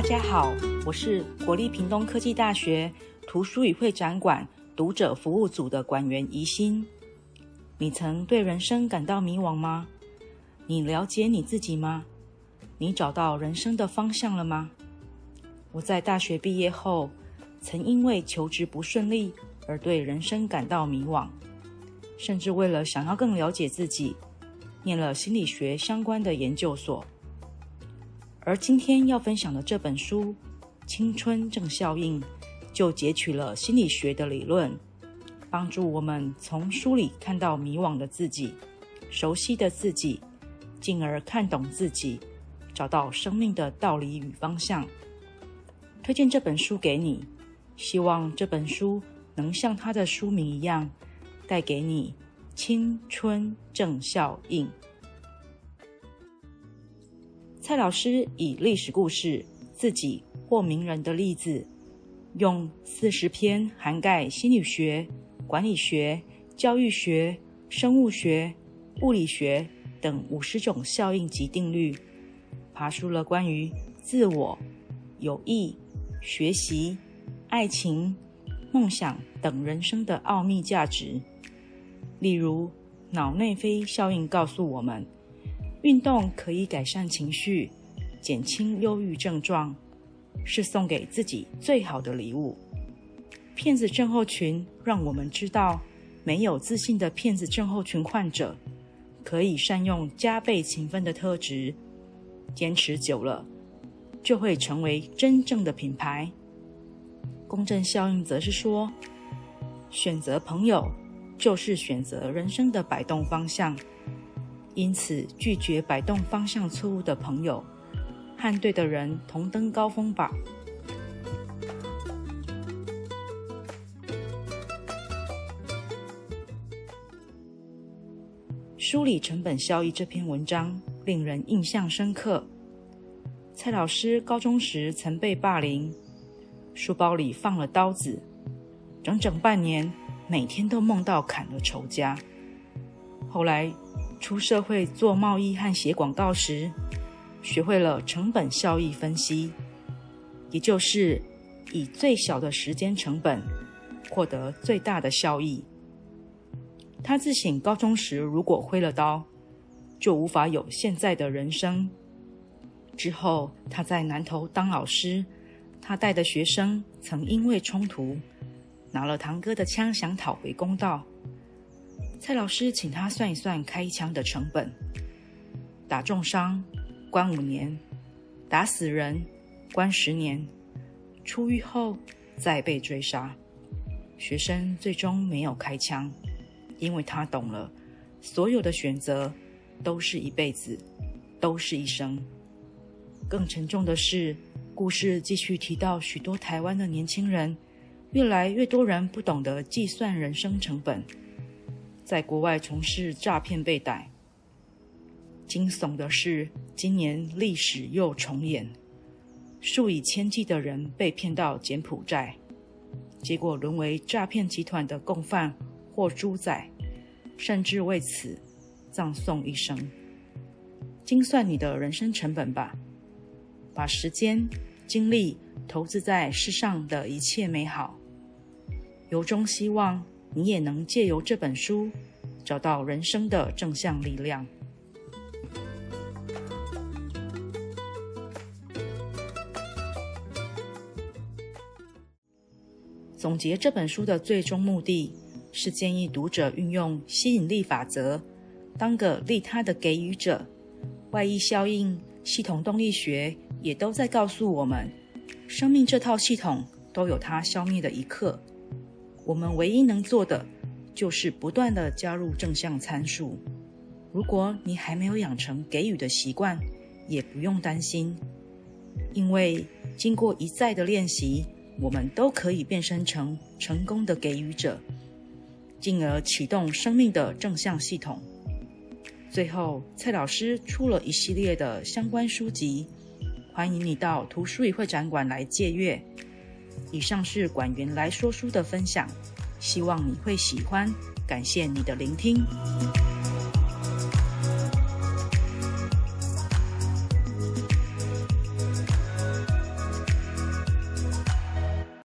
大家好，我是國立屏東科技大學圖書與會展館讀者服務組的館員宜心。你曾對人生感到迷惘嗎？你了解你自己嗎？你找到人生的方向了嗎？我在大學畢業後，曾因為求職不順利而對人生感到迷惘，甚至為了想要更了解自己，念了心理學相關的研究所。而今天要分享的這本書《青春正效應》，就截取了心理學的理論，幫助我們從書裡看到迷惘的自己、熟悉的自己，進而看懂自己，找到生命的道理與方向。推薦這本書給你，希望這本書能像它的書名一樣，帶給你青春正效應。蔡老師以歷史故事、自己或名人的例子，用四十篇涵蓋心理學、管理學、教育學、生物學、物理學等五十種效應及定律，爬出了關於自我、友誼、學習、愛情、夢想等人生的奧秘價值。例如，腦內啡效應告訴我們。運動可以改善情緒，減輕憂鬱症狀，是送給自己最好的禮物。騙子症候群讓我們知道，沒有自信的騙子症候群患者，可以善用加倍勤奮的特質，堅持久了，就會成為真正的品牌。公正效應則是說，選擇朋友，就是選擇人生的擺動方向。因此，拒絕擺動方向錯誤的朋友，和對的人同登高峰吧。梳理成本效益這篇文章令人印象深刻。蔡老師高中時曾被霸凌，書包裡放了刀子，整整半年，每天都夢到砍了仇家。後來。出社會做貿易和寫廣告時，學會了成本效益分析，也就是以最小的時間成本獲得最大的效益。他自省高中時如果揮了刀，就無法有現在的人生。之後他在南投當老師，他帶的學生曾因為衝突拿了堂哥的槍想討回公道。蔡老師請他算一算開槍的成本：打重傷，關五年；打死人，關十年；出獄後再被追殺。學生最終沒有開槍，因為他懂了，所有的選擇都是一輩子，都是一生。更沉重的是，故事繼續提到許多台灣的年輕人，越來越多人不懂得計算人生成本。在國外從事詐騙被逮，驚悚的是，今年歷史又重演，數以千計的人被騙到柬埔寨，結果淪為詐騙集團的共犯或豬仔，甚至為此葬送一生。精算你的人生成本吧，把時間、精力投資在世上的一切美好，由衷希望。你也能借由這本書找到人生的正向力量。總結這本書的最終目的，是建議讀者運用吸引力法則，當個利他的給予者。外溢效應、系統動力學也都在告訴我們，生命這套系統都有它消滅的一刻。我們唯一能做的，就是不斷地加入正向參數。如果你還沒有養成給予的習慣，也不用擔心，因為經過一再的練習，我們都可以變身成成功的給予者，進而啟動生命的正向系統。最後，蔡老師出了一系列的相關書籍，歡迎你到圖書與會展館來借閱。以上是館員來說書的分享，希望你會喜歡，感謝你的聆聽。